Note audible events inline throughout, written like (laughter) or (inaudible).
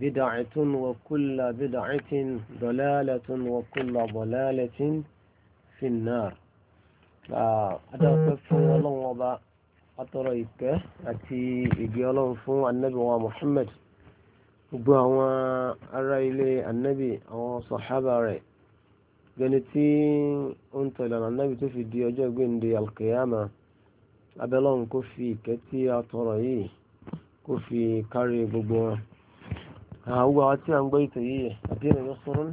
بدعة وكل بدعة ضلالة وكل ضلالة في النار أدعوك الله وضع أطريك أتي إجيالهم فو النبي ومحمد gbogbo àwọn ará ilé ànábì àwọn sọ̀hábà rẹ̀ gbẹni tí ó ń tọ̀lé ọ̀nà ànábì tó fi di ọjọ́ gbẹ̀ǹde alkiyama abẹ́lọ́run kó fi ìkẹ́ tí a tọrọ yìí kó fi kárí gbogbo wọn àwọn àwọn tí a ń gbọ́ ìtò yìí àdínà yóò sọ́rọ̀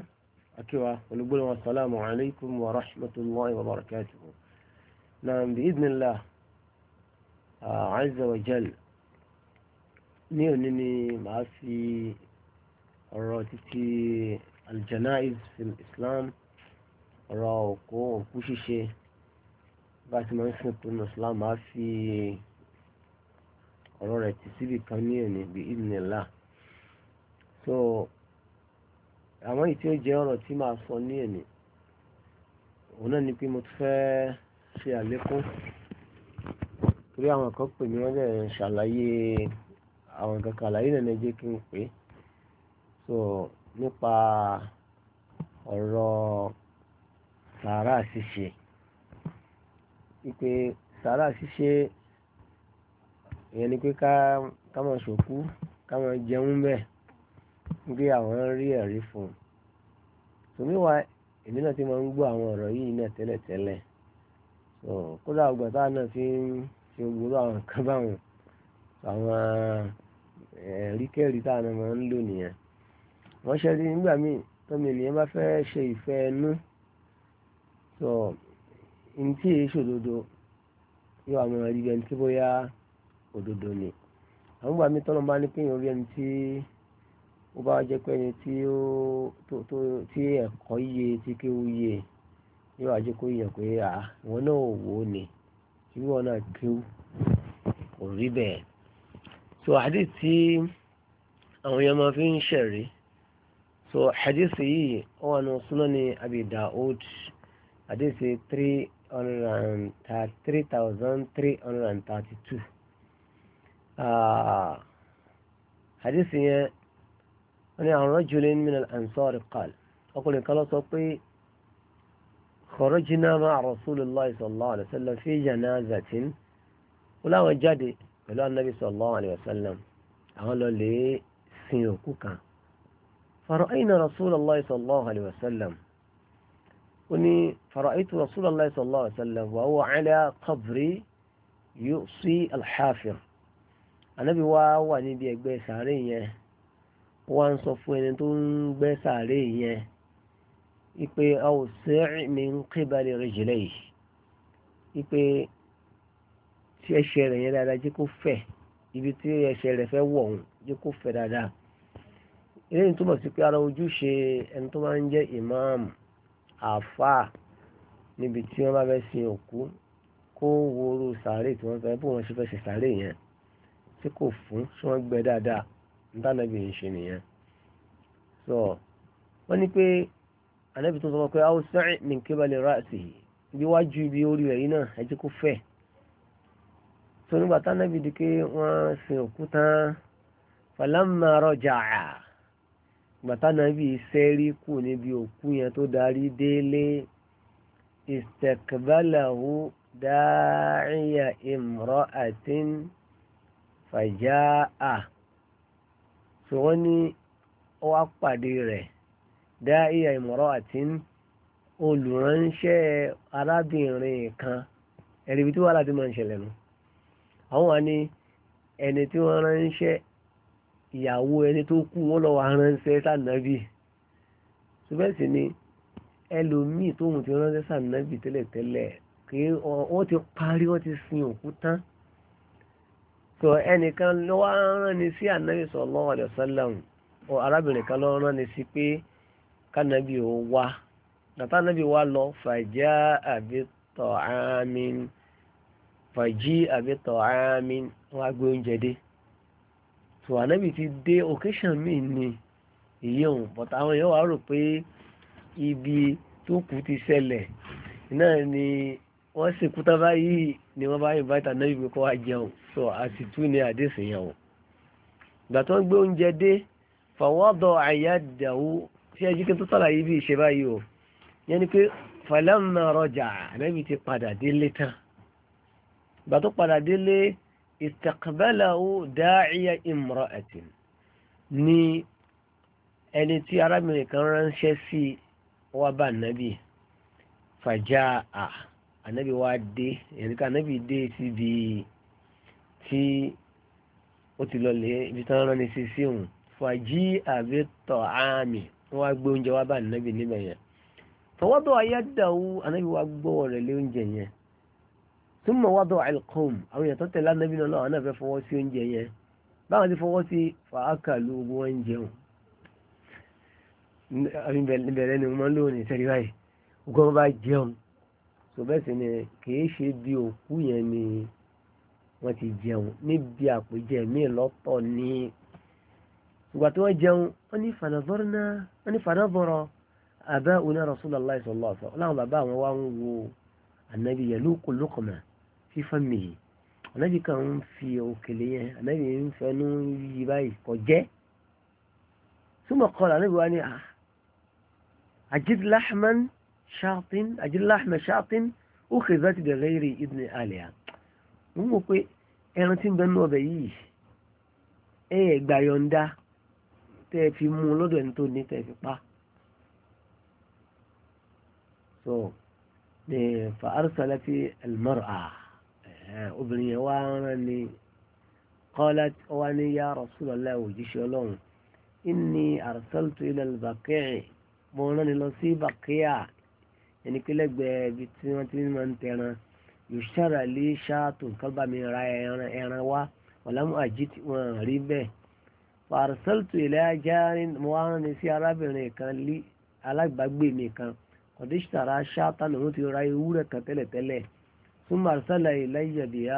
àkíwá olùgbòlò wa sàlámù alaykum wa rahmatulahi wa barakatuhu na bi idinillah azza wa jal ní òní ni màá fi ọ̀rọ̀ títí aljana'iz fi islam ọ̀rọ̀ òkú òkú ṣíṣe bá ti máa ń sìn tó islam màá fi ọ̀rọ̀ rẹ̀ ti síbi kan ní òní bi idinillah so àmọ́ èyí tí ó jẹ́ ọ̀rọ̀ tí màá sọ ní èmi òun náà ni pé mo fẹ́ ṣe àlékún torí àwọn kan pè mí wọ́n lè ṣàlàyé àwọn kankan àlàyé náà ní jẹ́ kí n pè so nípa ọ̀rọ̀ sàárà ṣíṣe wípé sàárà ṣíṣe ìyẹn ni pé ká máa ṣòkú ká máa jẹun bẹ́ẹ̀ bí àwọn rí ẹ̀rí fún un tòmí wa èmi náà ti máa ń gbọ́ àwọn ọ̀rọ̀ yìí náà tẹ́lẹ̀tẹ́lẹ̀ so kódà ọgbà táwa náà fi ń ṣe gbogbo àwọn nǹkan (laughs) báwọn àwọn ẹ̀ríkẹ́rí táwa náà máa ń lò nìyẹn wọ́n ṣe rí nígbà míì tọ́mi ènìyàn bá fẹ́ ṣe ìfẹ́ ẹnu so ntí èyí ṣòdodo yóò àwọn ẹ̀rí bẹ́ẹ̀ ní tí bóyá òdodo ni àwọn gbàmí tọ́lọ́ bá ní kéèyàn rí ẹni tí ó bá jẹ́ pé ẹni tí ó tó tó tí ẹ̀kọ́ yé tí kí ó yé yóò wá jẹ́ kó yẹ pé à wọn náà ò wò ó ni irú wọn náà kéwù kò rí bẹ́ẹ̀. so hadith tí àwọn èèyàn máa fi ń ṣẹ̀rí so hadith yìí ó wà ní Sunan Abi Daud hadith three hundred and three thousand three hundred and thirty two ah, hadith yẹn wọ́n ní an rajulin min al-ansari qala ọkùnrin kan lọ sọ pé kharajna ma'a rasulillahi sallallahu alayhi wa sallam fi janazatin wọ́n láwọn jáde pẹ̀lú anabi sallallahu alayhi wa sallam àwọn lọ lè sin òkú kan fara'ayna rasulillahi sallallahu alayhi wa sallam ó ní fara'aytu rasulillahi sallallahu alayhi wa sallam wa huwa ala qabri yusi al anabi wa wà níbi ẹgbẹ́ sàárè yẹn wá ń sọ fún ẹni tó ń gbẹ́ sàárè yẹn ipe awsir min qibali rijlayhi ipe tí ẹsẹ̀ rẹ̀ yẹn dáadáa jẹ́ kó fẹ̀ ibi tí ẹsẹ̀ rẹ̀ fẹ́ wọ̀ ọ̀hún jẹ́ kó fẹ̀ dáadáa eléyìí túmọ̀ sí pé ara ojúṣe ẹni tó máa ń jẹ́ ìmáàmù àáfàá níbi tí wọ́n bá fẹ́ sin òkú kó wo orú sàárè tí wọ́n fẹ́ bó wọ́n ṣe fẹ́ ṣe sàárè yẹn tí kò fún tí wọ́n gbẹ́ dáadáa ntànàbì ń ṣe nìyẹn so wọ́n ní pé ànábì tó sọ pé a ó sẹ́ẹ̀ min qibali ra'sihi ibi wájú ibi orí rẹ̀ yìí náà ẹ jẹ́ kó fẹ̀ so nígbà tànàbì di pé wọ́n sin òkúta falamma raja'a gbàtànàbì sẹ́rí kù níbi òkú yẹn tó darí délé istakbalahu da'iya imra'atin faja'a so wọ́n ní ó wá pàdé rẹ̀ dá ìyá ìmọ̀ràn àti olùránṣẹ́ arábìnrin kan ẹ̀rí ibi tí wàhálà ti máa ń ṣẹlẹ̀ nù àwọn wà ní ẹni tí wọ́n ránṣẹ́ ìyàwó ẹni tó kú wọ́n lọ́wọ́ aránṣẹ́ sànàbì ṣùgbọ́n ni ẹlòmíì tóun ti ránṣẹ́ sànàbì tẹ́lẹ̀tẹ́lẹ̀ kí wọ́n ti parí wọ́n ti sin òkú tán so ẹnìkan ló wá rán ni sí ànábì sallallahu alaihi ọ arábìnrin kan ló rán ni sí pé kánábì ó wá nàtà wá lọ fàjá àbí tọ̀ fàjí àbí tọ̀ wá gbé oúnjẹ dé ànábì ti dé occasion ni èyí òun but àwọn èèyàn wá ibi tó kù ti ṣẹlẹ̀ wọ́n sì kúta báyìí ni wọ́n bá invite anabi pé kó wá jẹun so àti tú ni àdéhùn yẹn o ìgbà tó ń gbé oúnjẹ dé fàwọ́dọ̀ àyàdàwó ṣé ẹjú kí n tó sàlàyé bí ìṣe báyìí o yẹn ni pé fàlẹ́mà rọjà anabi ti padà délé tán ìgbà tó padà délé ìtàkàbẹ́làwó dáìyà imra'atin ni ẹni tí arábìnrin kan ránṣẹ́ sí wá bá nàbì fàjà à anabi wa dé ẹ̀ríkà anabi dé síbi tí ó ti lọlẹ̀ ibi tí wọ́n rán ni sí sí òun fàájì àbí tọ̀ áàmì wọ́n wá gbé oúnjẹ wá bá anabi níbẹ̀ yẹn fọwọ́dọ̀ ayédáwó anabi wa gbọ́ rẹ̀ lé oúnjẹ yẹn túmọ̀ wọ́dọ̀ alqom àwọn èèyàn tó tẹ̀lé anabi náà lọ́wọ́ náà fẹ́ fọwọ́ sí oúnjẹ yẹn báwọn ti fọwọ́ sí fàákàlù ogun oúnjẹ òun níbẹ̀rẹ̀ ni mo máa ń lò ní sẹ́rí báyìí ogun jẹun so bẹ́ẹ̀ sì ni kìí ṣe bí òkú yẹn ni wọ́n ti jẹun níbi àpèjẹ míì lọ́tọ̀ ní ìgbà tí wọ́n jẹun wọ́n ní fanadọ́rọ̀ abẹ́ oní Rasulullah sallallahu alaihi wasallam láwọn bàbá àwọn wá ń wo ànábì yẹn lóko lókùnmá fífọ́ mìíràn ànábì kan ń fi òkèlè yẹn ànábì ń fẹnu yí báyìí kò súnmọ́ kọ́ ànábì wa ni ah, àjíd láhàmán ṣáàtì àjílá ahmed ṣáàtì ó kè bá ti dẹ̀rẹ́ ìrì ibùdó àlẹ́yà wọ́n mọ̀ pé ẹran tí ń bẹ nú ọbẹ̀ yìí ẹ ẹ̀ gbà yọ̀ǹda tẹ́ ẹ fi mú un lọ́dọ̀ ẹni tó ní tẹ́ ẹ fi pa. so ní fa arsala fi almar'a obìnrin yẹn wá rán ni qalat wá ní ya rasulallah òjíṣẹ́ ọlọ́run inni arsaltu ila albaqi mo rán ni lọ sí baqiya ẹni pé lẹ́gbẹ̀ẹ́ ibi tí wọ́n ti máa ń tẹran yòṣàrà lè ṣáàtò nǹkan bá mi ra ẹran wá ọ̀làmú àjíǹde wọn rí bẹ́ẹ̀ fàrṣẹ́lùtù ilẹ̀ ajárin mo wá rán ni sí arábìnrin kan lé alágbàgbé mi kan ọ̀dẹ́sítàrà ṣáàtà lòun ti ra ewúrẹ́ kan tẹ́lẹ̀tẹ́lẹ̀ fún màrṣálà ilẹ̀ ìyàbíyà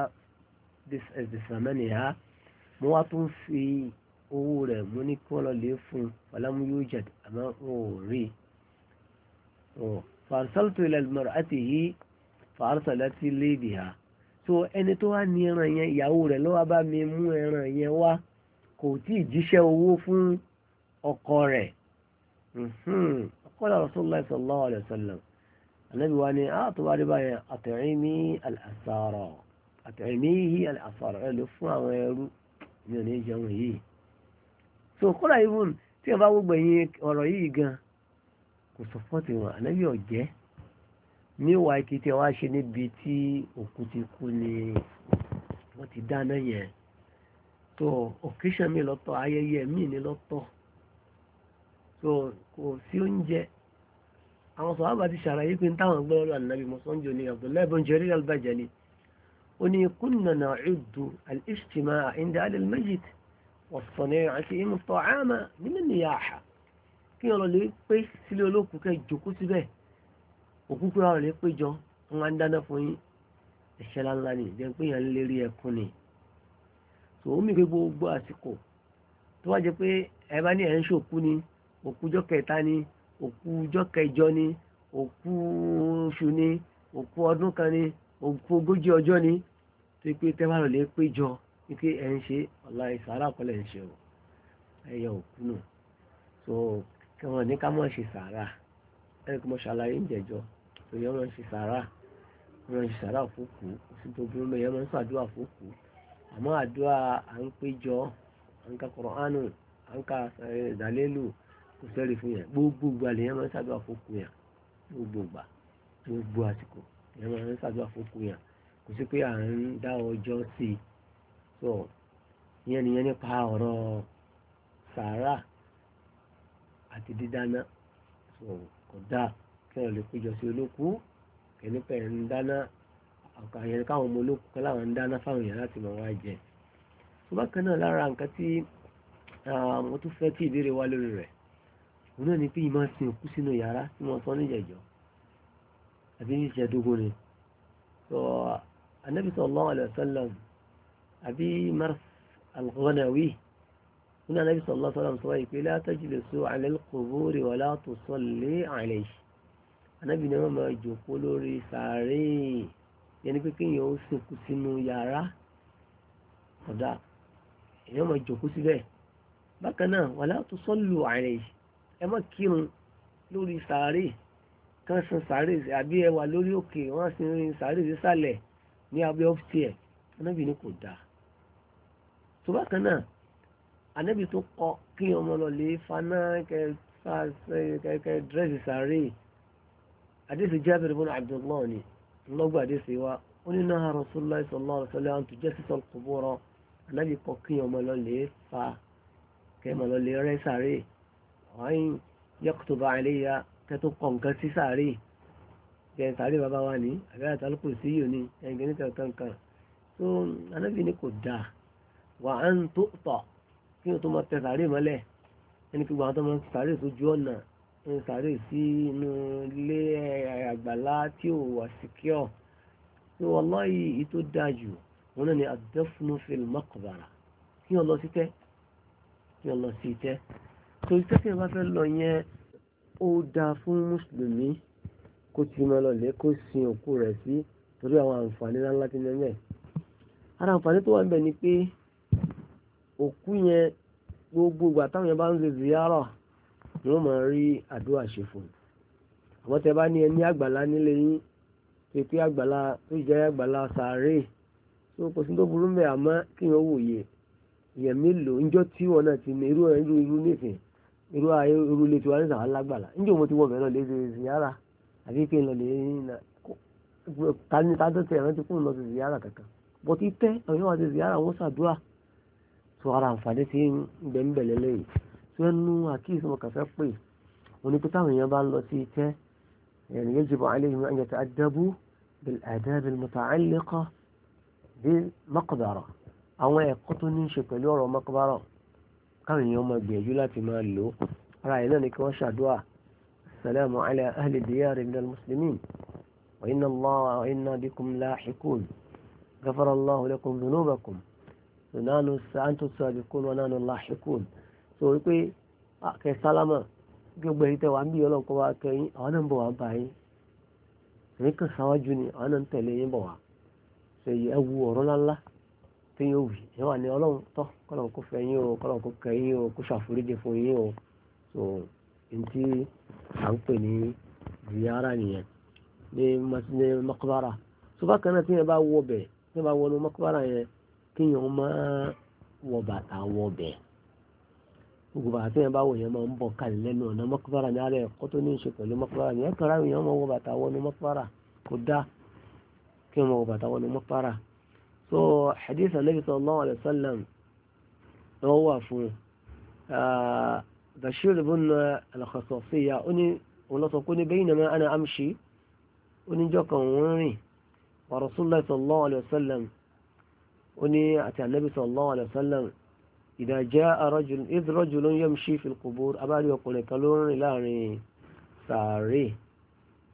ẹ̀sìsàmẹ́nìyà mo wá tún fi owó rẹ̀ mo ní kí wọ́n lọ lè fún ọ̀làmú yóò jẹ̀ àmọ́ wọn ò rí fàrṣàlùtò ilẹ̀ ìgbìmọ̀rọ̀ àti yìí fàrṣàlẹ̀ ti lé ibì ha so ẹni tó wá ní ẹran yẹn ìyàwó rẹ̀ ló wá bá mi mú ẹran yẹn wá kò tí ì jíṣẹ́ owó fún ọkọ rẹ̀ mm-hmm. qala Rasulullah sallallahu alaihi wasallam ànábì wa ni a tó bá rí báyẹn at'imi al-asara at'imihi al-asara ẹ̀ ló fún àwọn ẹrú mi ò ní jẹun yìí so kọ́lá ibùn tí ẹ bá gbogbo ẹ̀yìn ọ̀rọ̀ yìí gan-an kò sọ́pọ́tì wọn ànábì ọ̀jẹ́ níwà ìkìtì wa ṣe níbi tí òkú ti kú ni wọ́n ti dáná yẹn tó occasion mi lọ́tọ̀ ayẹyẹ mi ni lọ́tọ̀ tó kò sí oúnjẹ àwọn sọ̀hábà ti ṣàlàyé pé táwọn gbọ́ lọ́wọ́ ànábì mọ́sánjò ní Abdullahi ibn Jarir al-Bajali ó ní kunna na'uddu al-ijtima'a 'inda ahli al-mayyit wa as-sani'a 'inda al-ta'ama kí ọ̀rọ̀ lè pé sílé olóòkú kẹ́ jòkó síbẹ̀ òkú pé ọ̀rọ̀ lè pé jọ wọn máa ń dáná fún yín ẹ̀ṣẹ̀ ńláńlá ni ìjẹun pé èèyàn lè rí ẹkún ni tòun mi pé gbogbo àsìkò tó wá jẹ pé ẹ bá ní ẹ̀ ń ṣòkú ni òkújọ́ kẹta ni òkújọ́ kẹjọ ni òkú oṣù ni òkú ọdún kan ni òkú ogójì ọjọ́ ni tó pé tẹ́wàá lè pé jọ wípé ẹ̀ ń ṣe ọ̀la ìsàrà kọ́lẹ̀ ń ṣe o ẹ̀yà òkú nù so kí wọ́n ní ká mọ̀ ṣe sàárà ẹni kí mo ṣàlàyé ń jẹjọ èèyàn máa ń ṣe sàárà máa ń ṣe sàárà fòkù oṣù tó burú mẹ́yàn máa ń ṣàdúrà fòkù àmọ́ àdúrà à ń péjọ à ń ka Kùránì à ń ka ìdálélù kò sẹ́rí fún yẹn gbogbo ìgbà lèèyàn máa ń ṣàdúrà fòkù yẹn gbogbo ìgbà gbogbo àsìkò lèèyàn máa ń ṣàdúrà fòkù yẹn kò sí pé à ń dá ọjọ́ sí i so ìyẹn nìyẹn nípa ọ̀rọ̀ sàárà àti dídáná kò dáa kẹ́hìn lè péjọ sí olókùú kẹ́ni pẹ̀lú ń dáná ọ̀kà yẹn káwọn ọmọ olókùú kọ́ láwọn ń dáná fáwọn èèyàn láti máa wá jẹ. tó bá kan náà lára nǹkan tí mo tún fẹ́ kí ìbéèrè wá lórí rẹ̀ òun náà ni pé ìmọ̀ sin òkú sínú yàrá tí wọ́n sọ níjẹ̀jọ́ àbí ní ni. sọ anábìsọ̀ lọ́wọ́ àlẹ́ sọ́lọ́m àbí mars al nínú anábì sallallahu alaihi wasallam sọ wáyé pé la tajlisu ala al-quburi wa la tusalli alayhi anábì ni wọ́n máa jòkó lórí sàárè yẹni pé kéèyàn ó sìnkú sínú yàrá ọ̀dà èèyàn máa jòkó síbẹ̀ bákan náà wa la tusallu alayhi ẹ má kírun lórí sàárè kan sun sàárè àbí ẹ wà lórí òkè wọ́n sì ń rin sàárè sísàlẹ̀ ní abẹ́ ọ́fíìsì ẹ̀ anábì ni kò dáa tó bákan náà ànábì tó kọ kí ọmọ lọ lè faná kẹkẹ dírẹ́sì sàárè àdéhùn Jabir ibn Abdullah ni ńlọgbà àdéhùn wa ó ní náà Rasulullah sallallahu alaihi wasallam tó jẹ́ sísọ kòbóró ànábì kọ kí ọmọ lọ lè fa kẹmọ lọ lè rẹ́ sàárè ọ̀hìn yaqtuba alayya kẹtó kọ nǹkan sí sàárè kẹ sàárè bàbá wa ni àbí àtàlùkù sí yìí ni ní kankan so ànábì ni kò dáa wà á ń tó tọ̀ kí o tó máa tẹ sàárè mọ́lẹ̀ ẹni pé gbogbo àwọn tó máa sàárè sójú ọ̀nà ń sàárè sí inú ilé àgbàlá tí ò wà síkíọ̀ ní wallahi èyí tó dáa jù wọn náà ni ad-dafnu fil maqbara kí wọn lọ sí tẹ́ kí wọn lọ sí tẹ́ tó tẹ́ tí wọn bá fẹ́ lọ yẹn ó dáa fún mùsùlùmí kó ti máa lọ lé kó sin òkú rẹ̀ sí torí àwọn àǹfààní ńláńlá ti ní ẹ̀ ara àǹfààní tó wà ń ni pé òkú yẹn gbogbo ìgbà táwọn yẹn bá ń ṣe ziyara ni wọ́n máa rí àdúrà ṣe fún un àwọn tẹ bá ní ẹni àgbàlá nílé yín tó pé àgbàlá tó jẹ́ àgbàlá sàárè tó kò sí tó burú mẹ́ àmọ́ kí wọ́n wòye èèyàn mélòó ńjọ́ tí wọn náà ti ní irú irú irú nísìn irú irú ilé tiwa ní sàwọn alágbàlá ńjọ́ mo ti wọ bẹ̀rẹ̀ lọ lè ṣe ziyara àbí pé lọ lè ta ni ta tó tẹ̀ rántí kún lọ sí ziyara kankan bọ́tí tẹ́ àwọn yóò wá ṣe ziyara wọn ṣàdúrà so ara àǹfààní tí ń bẹ ń bẹ̀lẹ̀ lẹ́yìn tí wọ́n nu àkíyèsí wọn kàfẹ́ pé wọn ni pé táwọn èèyàn bá ń lọ sí itẹ́ ẹ̀rìn yóò jìbọn aléyìn an yata'addabu bil adab al muta'alliqa bi àwọn ẹ̀kọ́ tó ní í ṣe pẹ̀lú ọ̀rọ̀ maqbara káwọn èèyàn máa gbìyànjú láti máa lò ó ara ẹ̀ náà ni kí wọ́n ṣàdúrà salamu ala ahli diyari min al muslimin wa inna allaha wa inna bikum lahiqun ghafara allahu lakum dhunubakum nánú sáńtò sọ̀rọ̀ kó lọ nánú láṣẹkùn so wípé akẹ́ sálámà gbogbo ẹ̀yìn tẹ́ wà ń bí ọlọ́nkọ́ wa kẹyìn àwọn náà ń bọ̀ wá bá yín èyí kan sáwájú ni àwọn náà ń tẹ̀lé yín bọ̀ wá ṣe ẹ wu ọ̀rọ̀ ńláńlá tí yóò wì ẹ wà ní ọlọ́run tọ́ kọ́lọ́n kó fẹ́ yín o kọ́lọ́n kó o o n à ń pè ní ziyara nìyẹn ní náà tí yẹn bá wọ kéèyàn máa wọ bàtà wọ bẹ́ẹ̀ gbogbo bàtà tí yẹn bá wọ yẹn máa ń bọ̀ kalẹ̀ lẹ́nu ọ̀nà mọ́kúbára ní alẹ́ ẹ̀kọ́ tó ní í pẹ̀lú mọ́kúbára yẹn kàrá yẹn máa wọ bàtà wọnú mọ́kúbára kò dá kéèyàn máa wọ bàtà wọnú mọ́kúbára so hadith anabi sallallahu alayhi wa sallam ni wọ́n wà fún ah, bashir ibn al-khasasiya ó ní òun lọ sọ pé ní baynama ana amshi oníjọ́ kan òun rìn wa rasulullah sallallahu alayhi wa sallam أني أتى النبي صلى الله عليه وسلم إذا جاء رجل إذ رجل يمشي في القبور أبالي يقول كلون لاني ساري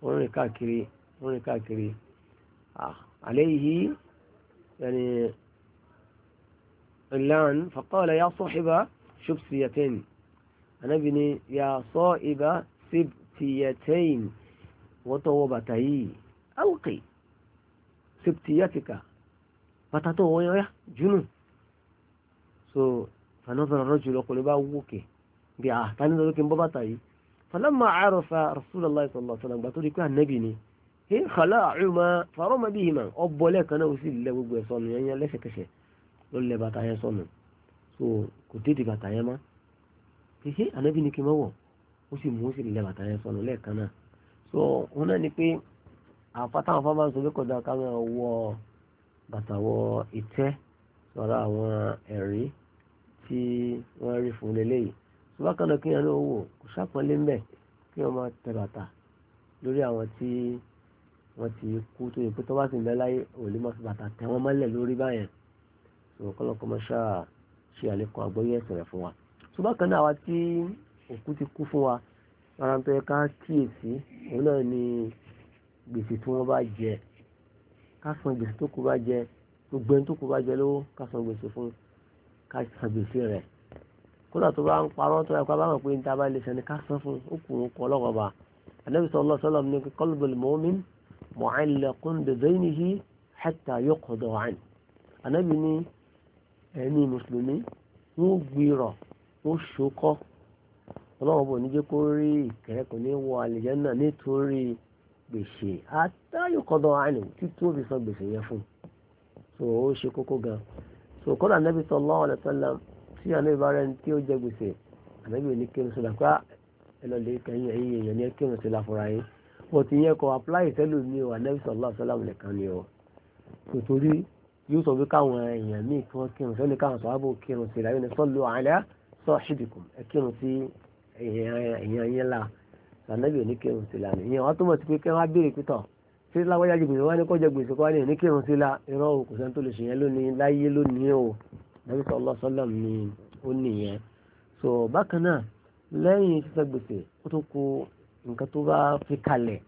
وني كاكري وني كاكري آه. عليه يعني اللعن فقال يا صاحب شبسيتين أنا بني يا صائب سبتيتين وطوبتي ألقي سبتيتك bàtà tó wọ́n yọ́yá so fanọ́fẹ́rẹ́ rọ́jù lọ́kùnrin bá wókè bí i àtàní lókè ń bọ́ bàtà yìí falamma arafa rasulullah sallallahu alaihi wasallam gbà tó rí pé ànábì ni he khala farama bihima ọbọ lẹ́ẹ̀kan náà ó sì lẹ gbogbo ẹ̀ sọnù so kò tètè bàtà yẹn má ni kí n má wọ̀ ó sì mú so wọn náà ni pé àfa táwọn bàtà wọ ìtẹ́ sọ̀rọ̀ àwọn ẹ̀rí tí wọ́n rí fún lélẹ́yìí ṣùgbọ́n kan náà kí wọ́n lówó kò ṣàpọ́nlé ń bẹ̀ kí wọ́n máa tẹ bàtà lórí àwọn tí wọ́n ti kú tó yẹ pé tó bá sì ń bẹ láyé òòlù máa fi bàtà tẹ wọ́n mọ́lẹ̀ lórí báyẹn ṣùgbọ́n kọ́ lọ́kọ́ ṣe àlékún àgbọ́yé ẹ̀sìn rẹ̀ fún wa ṣùgbọ́n àwa tí òkú ti kú fún wa ara tó yẹ ká kíyèsí òun náà ni gbèsè tí wọ́n bá jẹ ká san gbèsè tó kù bá jẹ gbogbo ẹni tó kù bá jẹ lówó ká san gbèsè fún ká san gbèsè rẹ̀ kódà tó bá ń parọ́ tó yẹ kó a bá mọ̀ pé níta bá lè sàn ní ká fún ó kù ń kọ́ lọ́wọ́ bá anabi sallallahu alaihi wasallam ní qalbul mu'min mu'allaqun bi daynihi hatta yuqda anhu anabi ní ẹni mùsùlùmí wọn gbìrọ̀ wọn ṣokọ́ ọlọ́wọ́ bò ní jẹ́ kó rí ìkẹ́rẹ́ kò ní wọ àlìjẹ́ náà nítorí gbèsè àtayọ̀kọ̀dọ̀ àìní títí ó fi san gbèsè yẹn fún so ó ṣe kókó gan so kọ́dà nẹ́bí sallallahu alaihi wasallam tí àná ìbára ẹni tí ó jẹ gbèsè ànábì ò ní kírun sílá pé ah, ẹ lọ lè kẹyìn ẹyìn èèyàn ní kírun sílá fúnra yín wọ́n ti yẹ kọ́ apply ìtẹ́lù mi ò ànábì sallallahu alaihi wasallam nìkan ni o kò torí yóò sọ pé káwọn èèyàn míì ànábì ò ní kírun sí ni, ìyẹn wọn túmọ̀ sí pé kẹwàá béèrè pítọ̀ tí láwájá ju gbèsè wá ní kọjá gbèsè kọ́ wá ní ò ní kírun sí la irọ́ o kò sẹ́ni tó lè ṣèyẹn lónìí láyé lónìí o nàbí sallallahu alaihi wasallam ni ó nìyẹn so bákan náà lẹ́yìn sísan gbèsè ó tó kó nǹkan tó bá fi kalẹ̀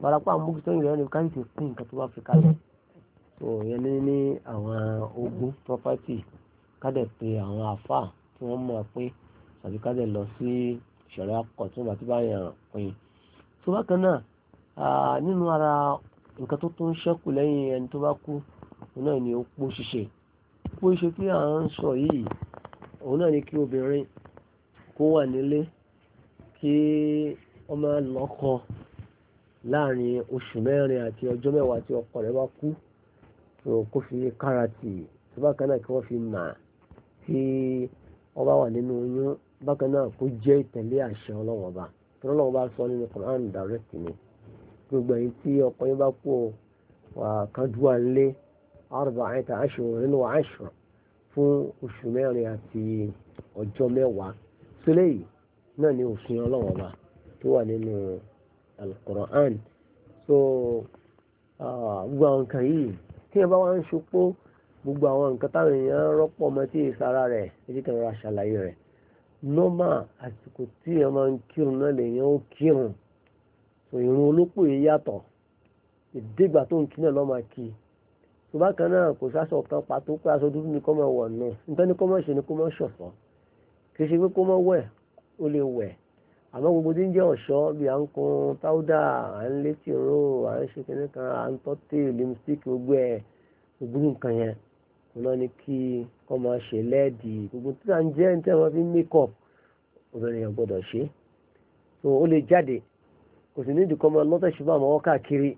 parapá àmúgbìtọ́ ìrẹ́ ni káyì ti pín nǹkan tó bá fi kalẹ̀ so ìyẹn ní ní àwọn ogún property kádẹ̀ pé àwọn àfà tí wọ́n mọ̀ pé tàbí kádẹ̀ lọ sí ṣẹ̀rẹ̀ akọ̀ tí wọ́n bá ti bá yàn pín. tó bákan náà nínú ara nǹkan tó tún ṣẹ́kù lẹ́yìn ẹni tó bá kú òun náà ni opó ṣíṣe opó ṣíṣe tí à ń sọ yìí òun náà ni kí obìnrin kó wà nílé kí ọmọ lọ́kọ láàrin oṣù mẹ́rin àti ọjọ́ mẹ́wàá tí ọkọ rẹ̀ bá kú kó fi káràtì tó bákan náà kí wọ́n fi mà tí wọ́n bá wà nínú oyún bákan náà kó jẹ́ ìtẹ̀lé àṣẹ ọlọ́run ọba tí ọlọ́run bá sọ nínú Quran direct ni gbogbo ẹ̀yin tí ọkọ yín bá kú ọ kàdúrà lé arba'ata ashhur nínú ashra fún oṣù mẹ́rin àti ọjọ́ mẹ́wàá sílẹ̀ yìí náà ni òfin ọlọ́run ọba tó wà nínú al-Quran so gbogbo àwọn nǹkan yìí tí ẹ bá wá ń ṣopó gbogbo àwọn nǹkan táwọn èèyàn rọ́pọ̀ mọ́ tí ìsara rẹ̀ èyí kan rà ṣàlàyé rẹ̀ nọ́mà àsìkò tí ẹ máa ń kírun náà lèyàn ó kírun ìrun olópò yìí yàtọ̀ ìdígbà tó ń kí náà lọ́mà kí tó bá kan náà kò sáṣọ kan pàtó pé aṣọ dúdú ni kó máa wọ̀ nù nítorí ní kó máa ṣe ni kó máa ṣọ̀ṣọ́ kì í ṣe pé kó máa wẹ̀ ó lè wẹ̀ àmọ́ gbogbo tí ń jẹ́ ọ̀ṣọ́ bí à ń kun táwùdà à ń létí ìró à ń ṣe kìnnìkan à ń tọ́tì lipstick gbogbo ẹ̀ gbogbo nǹkan yẹn ọ̀nà ni kí kọ́ máa ṣe lẹ́ẹ̀dì gbogbo tí à jẹ́ ní tẹ́wọ́n fi makeup obìnrin yẹn gbọ́dọ̀ ṣe so ó lè jáde kò sì nídìí kọ́ máa lọ́tẹ̀sí bá àmọ́wọ́ káàkiri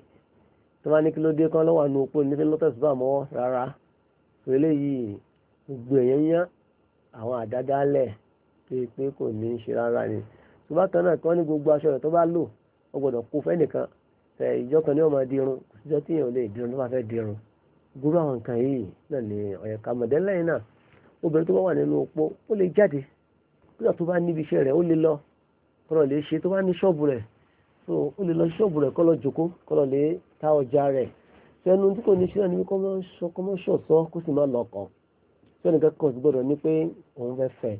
tó bá ní kí ló dé kán lọ́wọ́ àánú opó nífẹ̀ẹ́ lọ́tẹ̀sí bá àmọ́wọ́ rárá so eléyìí gbogbo èèyàn yán àwọn àdádálẹ̀ pé pé kò ní í ṣe rárá ni tó bá kan náà kán ní gbogbo aṣọ rẹ̀ tó bá lò ó gbọ́dọ̀ kó fẹ́nìkan ìjọ kan ní ọmọ dirun ìjọ tí èèyàn lè dirun tó bá fẹ́ dirun gúrú àwọn nǹkan yìí náà ni ọ̀yẹ̀ ká mọ̀ dẹ́lẹ́yìn náà obìnrin tó bá wà nínú opó ó lè jáde kódà tó bá níbi iṣẹ́ rẹ̀ ó lè lọ kọ́lọ̀ lè ṣe tó bá ní ṣọ́ọ̀bù rẹ̀ so ó lè lọ ṣọ́ọ̀bù rẹ̀ kọ́lọ̀ jòkó kọ́lọ̀ lè ta ọjà rẹ̀ sẹ́nu tí kò ní ṣíra ní kọ́ mọ́ ṣọ̀ṣọ́ kó sì má lọ́kàn sẹ́nu kẹ́kọ̀ọ́ sì gbọ́dọ̀ ní pé òun fẹ́ fẹ́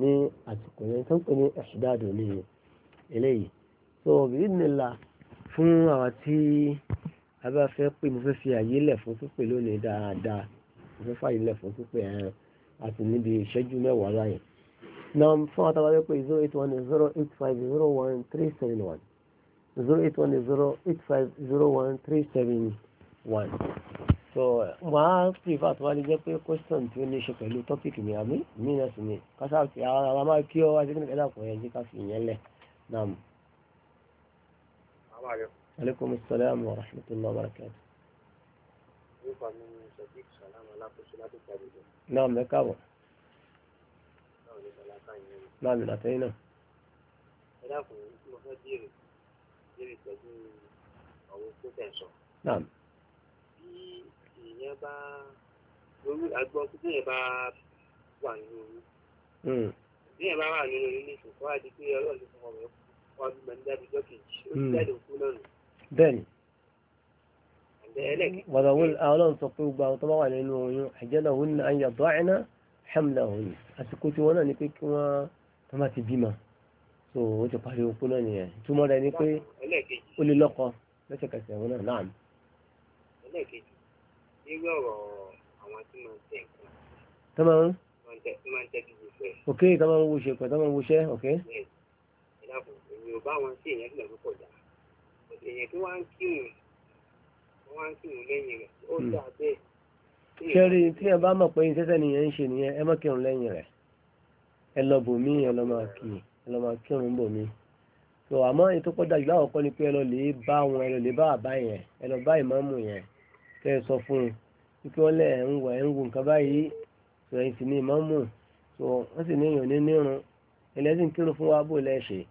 ní àsìkò yẹn tó ń pè ní ẹ̀ṣùdáàdù ní eléyìí so bìrìdìnnìlà fún àwa tí abá fẹ́ pé mo fẹ́ fi àyè lẹ̀ fún pípé lónìí dáadáa mo fẹ́ fàyè lẹ̀ fún pípé ẹ̀rọ àti níbi ìṣẹ́jú mẹ́wàá láyìn. na fún àtàwọn ẹgbẹ́ pé zero eight one zero eight five zero one three seven one zero eight one zero eight five zero one three seven one. so màá prefer àti wàá lè jẹ́ pé question tí ó ní ṣe pẹ̀lú topic mi àmì mí náà sì ni kásá fi àwọn àwọn máa kí ọ wá sí kí ní ká fi ìyẹn lẹ̀ náà aleykum salaam wa rahmatulah wa barakatu. orúkọ mi نعم. sadiq salam alákòóso ládùúgbò àdìgbò. náà mẹ káàbọ̀. náà ní bọlá káyọ̀ mi. mi nàtẹ́yìn náà. ẹ dákun mo fẹ́ hmm. ti fọwọ́ rẹ̀ kọ́ bẹ́ẹ̀ni wàdàwùl àwọn sọ pé gbogbo àwọn tó bá wà nínú oyún àjẹ́lẹ̀ òun ní àyà dọ́ọ̀ẹ́nà hamla òun àsìkò tí wọ́n náà ni pé kí wọ́n tó bá ti bímọ so ó ti parí okú náà nìyẹn túmọ̀ rẹ̀ ni pé ó lè lọ́kọ lẹ́sẹ̀kẹsẹ̀ wọn náà náà. ok tó wo ṣe pẹ̀ tó wo ṣẹ́ ok èèyàn tó wá ń kírun wá ń kírun lẹ́yìn rẹ̀ ó hmm. dà bẹ́ẹ̀. ṣẹ́rí tí ẹ bá mọ̀ pé iṣẹ́ nìyẹn ń ṣe nìyẹn ẹ má kírun lẹ́yìn rẹ̀ ẹ lọ bò mí ẹ lọ máa kì í ẹ lọ máa kírun bò mí. tó àmọ́ ètò pọ́dà jù láwọ̀ kọ́ ni pé ẹ lọ lè bá wọn ẹ lọ lè bá àbá yẹn ẹ lọ bá ìmáàmù yẹn kẹ́ ẹ sọ fún un kí wọ́n lẹ̀ ń wọ̀ ẹ̀ ń wo nǹkan báyìí sọ ẹ̀yìn sì ni ìmáàmù tó wọ́n sì ní èèyàn ní nírun ẹlẹ́sìn kírun fún wa bò lẹ́ẹ̀ṣẹ̀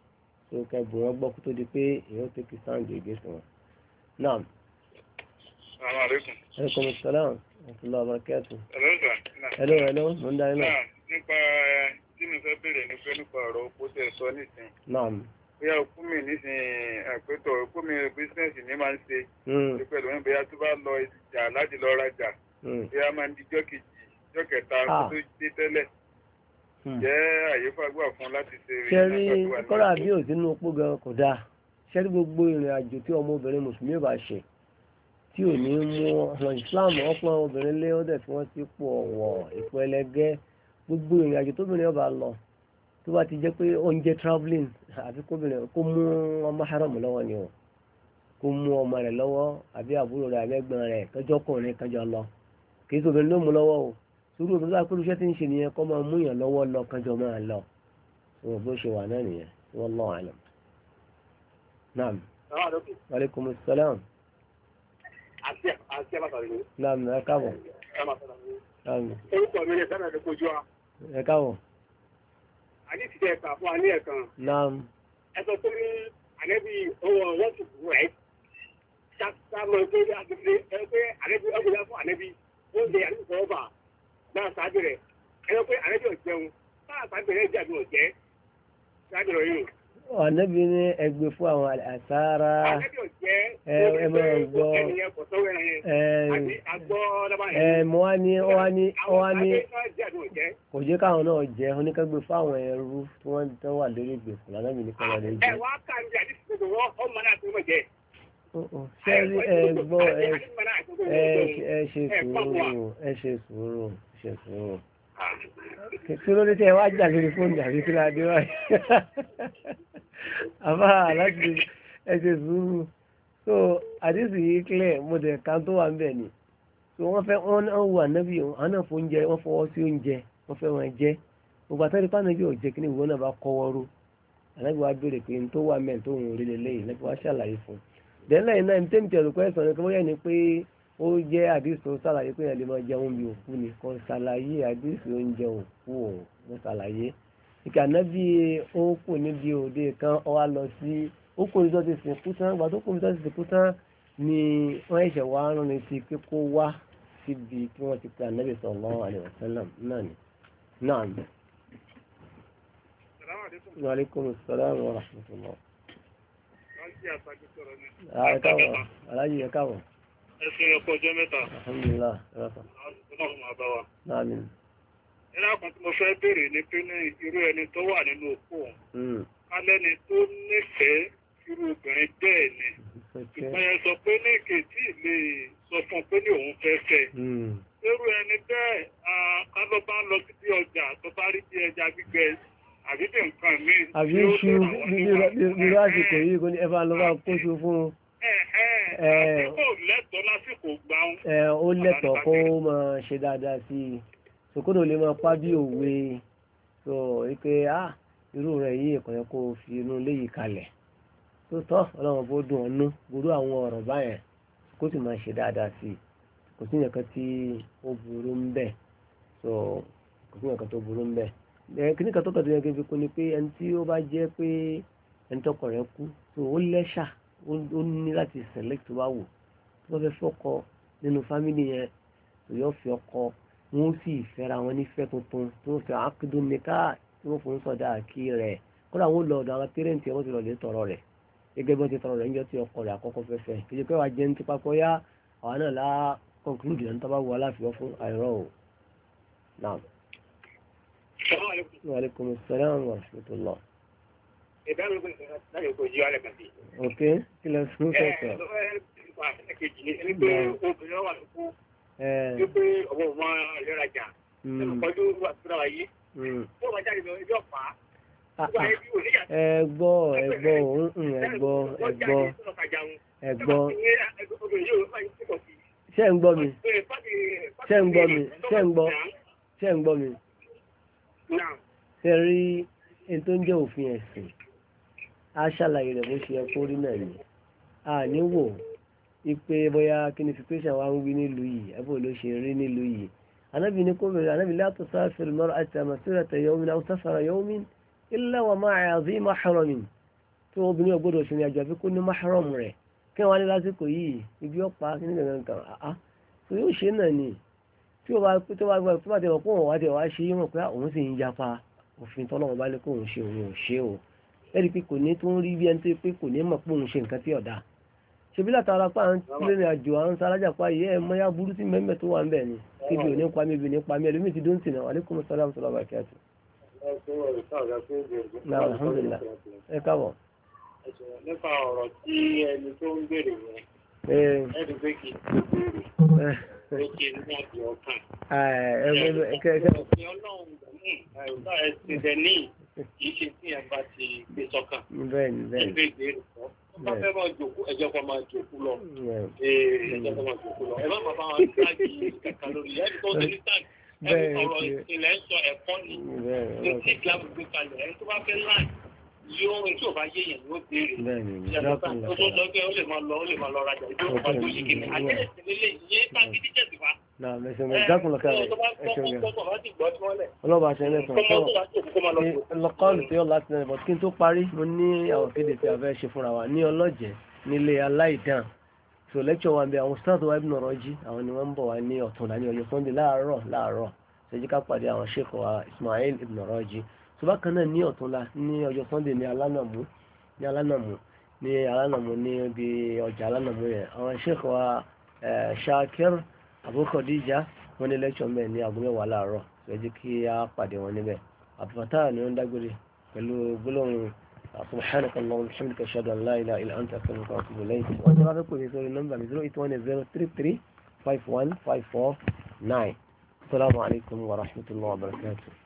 tó kẹ́gùn wọn gbọ́ kó tó di pé èèyàn tó kì sáǹdì ègbé fún wọn. náà. Assalamu alaikum. aleykum salaam ọ̀túnlá ọba kẹ́ẹ̀tù. ẹ̀lọ́ ìgbà. ẹ̀lọ́ ẹ̀lọ́ mò ń darí náà. nípa tí eh, mi fẹ́ béèrè ni pé nípa ọ̀rọ̀ opó tẹ̀ sọ nísìn. náà. bóyá opó mi nísìn àpétọ̀ eh, opó mi bísíǹsì ni máa ń ṣe. ìpẹ̀lú hmm. mi bóyá tó bá lọ ìjà láti lọ rajà. Hmm. bóyá máa ń di jọ́kejì jọ́kẹta ah. tó dé tẹ́lẹ̀. Hmm. jẹ́ àyífàgbà fún láti ṣe rí ṣẹ́rí kọ́lá bí ò sínú opó gan kò dáa ṣẹ́rí gbogbo ìrìn àjò tí ọmọbìnrin mùsùlùmí bá ṣe tí ò ní mú ọmọ Islam ọpọn obìnrin lé ọdẹ tí ti pọ ọwọ ipò gbogbo ìrìn àjò tóbìnrin ọba lọ tó bá ti jẹ́ pé oúnjẹ àfi kóbìnrin kó mú ọmọ haram o kó mú ọmọ àbí àbúrò lọ kì sùúrù òfin tó akérò iṣẹ́ ti ń ṣe nìyẹn kọ́ máa mú yàn lọ́wọ́ lọ kánjọ máa lọ wọn bó ṣe wà náà nìyẹn wọn lọ àlọ. naam aleykum salaam. àti àti àbàtàlẹ́ mi. naam ẹ káàbọ̀. orúkọ mi ni sábà ẹ̀dẹ́gbẹ́ ojú wa. ẹ káàbọ̀. àti ti ẹ̀ka fún wa ní ẹ̀kan. naam. ẹ sọ pé àlẹ́bí ọwọ́ wọ́n ti wù ẹ́ sáà mọ̀ pé àlẹ́bí ọgbẹ̀dá fún àlẹ́bí ó ń bẹ àlẹ́bí sọ̀rọ̀ bá. náà sáájú rẹ̀ ẹ̀rọ jẹun náà àbí yìí. Ànábì ní ẹgbẹ́ fún àwọn àṣàrà ẹ máa gbọ́ ẹ mọ́ jẹ́ káwọn náà fún àwọn ẹrú tí wọ́n wà lórí náà tó mọ̀ jẹ́ ẹ gbọ́ ẹ ṣe sùúrù ṣẹ̀fún kí ló dé tẹ́ wá jà lórí fóònù àbí kí ló dé wáyé (laughs) àbá láti ẹsẹ̀ sùúrù so àdéhùn yìí clear mo dẹ̀ kan tó wà ń ni so wọ́n fẹ́ wọ́n náà wà nábì àwọn náà fún oúnjẹ wọ́n fọwọ́ sí oúnjẹ wọ́n fẹ́ wọn jẹ́ gbogbo àtàrí pàǹdàbí ò jẹ́ kí ni ìwọ náà bá kọ́wọ́ ró àlẹ́bí wa béèrè pé n tó wà mẹ́ẹ̀ tó ń rí lélẹ́yìn lẹ́bí wa ṣàlàyé fún un dẹ́lẹ́yìn náà ní tẹ́mìtì ẹ̀rù kọ́ ẹ̀sán ni kí wọ́n yẹ ni pé ó jẹ́ àdìsí ó ṣàlàyé pé ẹ̀ lè máa jẹun bí òkú ni kò ṣàlàyé àdìsí ó ń jẹ òkú òun ló ṣàlàyé ìkànnà bí ó kù níbi òde kan ó lọ sí ó kò tó ti sìnkú tán ìgbà tó kò tó ti sìnkú tán ni wọ́n ṣẹ̀ṣẹ̀ wá rán ni ti pé kó wá síbi tí wọ́n ti pe ànábì sallallahu alaihi wasallam náà ni náà ni. Wa alaikum assalam wa rahmatullah. aláyé ẹ káwọ̀ ẹ̀sìn ẹ̀kọ́ ọjọ́ mẹ́ta. alhamdulillah ẹlẹ́kùn tí mo fẹ́ béèrè ni pé ní irú ẹni tó wà nínú òkú òun hmm. alẹ́ni tó nífẹ̀ẹ́ irú obìnrin bẹ́ẹ̀ ni ìpẹ́yẹ sọ pé ní kèjì lè sọ fún pé ní òun fẹ́ fẹ́ hmm. irú ẹni bẹ́ẹ̀ kábọ́ bá ń lọ sí bí ọjà tó bá rí bí ẹja gbígbẹ àbí bí nǹkan míì. àbí ṣu nírú àsìkò yìí kò ní ẹ bá lọ bá kóṣù fún un. Ee, lẹ́tọ̀ọ́ lásìkò gbáhùn. ó lẹ́tọ̀ọ́ kó máa ṣe dáadáa sí i sòkòtò lè máa pa bí òwe sọ wípé ah irú kó o fi inú léyìí kalẹ̀ tó tọ́ ọlọ́run dùn ọ́nú àwọn ọ̀rọ̀ báyẹn kó sì máa ṣe dáadáa sí i kò sí nǹkan tí ó burú ń so kò sí nǹkan tó burú ń bẹ̀ ẹ kí nìkan tó kàn tó yẹ kí n fi kún ni pé ẹni tí ó bá jẹ́ pé ẹni tọkọ ó ní láti select wá wò tó bá fẹ́ fọ́kọ nínú fámìlì yẹn tó yọ fi ọkọ wọn ó sì fẹ́ra wọn nífẹ̀ẹ́ tuntun tí wọ́n fi àkúdùn nìka tí wọ́n fòun sọ̀dá kí rẹ̀ kódà wọ́n lọ ọ̀dọ̀ àwọn pérèǹtì ẹ̀ wọ́n ti lọ lè tọrọ rẹ̀ gẹ́gẹ́ bí wọ́n ti tọrọ rẹ̀ ń jẹ́ ti ọkọ rẹ̀ àkọ́kọ́ fẹ́fẹ́ kìí pé wàá jẹ́ ní tipa kọ́yá àwọn náà lá conclude ẹni tó bá wù aláfihàn fún àìrọ́ o. salaamaleykum. wa salaam wa rahmatulah ìbẹ̀rù pé láti kò yí ọ̀rẹ́ kan sí. ok kí lẹ fún kẹsàn. ẹ ẹ kejì ni ẹni pé obìnrin wà lóko ní pé ọmọ ọmọ ìlera jà ẹnìkọjú wà síra wa yìí tó wà jáde lọ ẹjọ́ fà á. ẹgbọ́ ẹgbọ́ ẹgbọ́ ẹgbọ́ ẹgbọ́ ṣé ń gbọ́ mi ṣé ń gbọ́ mi ṣé ń gbọ́ ṣé ń gbọ́ mi ṣe rí ẹni tó ń jẹ́ òfin ẹ̀sìn á ṣàlàyé rẹ̀ bó ṣe yẹ kó rí náà yìí a ní wò ipe bóyá kíni situation wa ń wí nílùú yìí ẹbí ló ṣe rí nílùú yìí anábì ní kó bẹ̀rẹ̀ anábì la tusafir al-mar'atu masirata yawmin aw safara yawmin illa wa ma'a dhi mahramin tí obìnrin ọgbọ́dọ̀ ṣe ní àjọ kó ní mahram rẹ̀ kí wọ́n á ní lásìkò yìí ibi ọ̀pá kíní kankan kan àá tó yóò ṣe náà ni tí ó bá tó bá tó bá tẹ̀wọ̀ kó wọn wá tẹ̀wọ̀ á ṣe yíwọ̀n pé ah, òun sì ń yapa òfin tọ́lọ́wọ́n bá lé kó òun ṣe òun ò ṣe o ẹ̀rí pé kò ní tó ń rí bí ẹni tó pé kò ní mọ̀ pé òun ṣe nǹkan tí ọ̀dà ṣebí látara pa àwọn tílẹ̀nì àjò àwọn sárájà pa yìí ẹ̀ mọ́yá burú sí mẹ́mẹ́ tó wà ń bẹ̀ ni kíbi ò ní pa mí ibi ní pa mí ẹlòmí ti dún sínú aleykum salaam salaam akẹ́tù. ẹ káàbọ̀. nípa ọ̀rọ̀ tí ẹni tó ń béèrè yẹn ẹni pé kì í tó béèrè pé kì í ní àjọ ọkàn. ẹ ẹ ẹ ẹ ẹ ọlọ́run kì í ṣe tí ẹ̀ bá ti gbé sọ́kàn nígbà ìbéèrè kan bá fẹ́ máa jòkó ẹ̀jọ̀ kan máa jòkó lọ ẹ̀jọ̀ kan máa jòkó lọ ẹ̀ má bàbá wọn táàgì kàkà lórí ẹ̀ tó ń ṣe ní táàgì ẹ̀ ọ̀rọ̀ ìpìlẹ̀ ń sọ ẹ̀kọ́ ni ní tí ìgbàgbọ́ gbé kalẹ̀ ẹ̀ tó bá fẹ́ láì yóò ohun tí ò bá yéèyàn ló béèrè ìyàtọ̀ tó tó lọ pé ó lè máa lọ ó lè máa lọ rajà ìdókòwò àti òyìnbó àti ẹ̀sìn lélẹ̀ yé tágídí jẹ́ náà ẹsẹ̀ mi dákun lọ́kà rẹ̀ ẹsẹ̀ mi gẹ̀. ọlọ́ba aṣọ ẹlẹ́ sàn sọ́wọ́ lọ́kọ́ọ̀lù tí ó láti náà bọ̀ kí n tó parí mo ní àwọn kéde tí a fẹ́ ṣe fúnra wa ní ọlọ́jẹ̀ nílé aláìdán so lecture wa ń bẹ àwọn ustaadu wa ibùnà rọ́jí àwọn ni wọ́n ń bọ̀ wá ní ọ̀túnla ní ọjọ́ sunday láàárọ̀ láàárọ̀ ṣèjì ká pàdé àwọn sheikh wa ismail ibn rọ́jí so bákan náà ni ọ̀túnla ní ọjọ́ sunday ní alánàmú ní alánàmú ní alánàmú ní ni ọjà alánàmú yẹn àwọn sheikh wa eh, shakir Abu Khadija wọ́n ní lẹ́kṣọ̀ mẹ́ẹ̀ ní aago mẹ́wàá láàárọ̀ ẹ jẹ́ kí a pàdé wọn níbẹ̀ Abdul Fattah ni wọ́n dágbére pẹ̀lú gbólóhùn subhanaka Allahumma wa bihamdika ashhadu an la ilaha illa anta astaghfiruka wa atubu ilayk wọ́n ti wá fẹ́ pèsè sórí nọ́mbà mi zero eight one zero three three five one five four nine. Assalamu wa rahmatullahi wa barakatuh.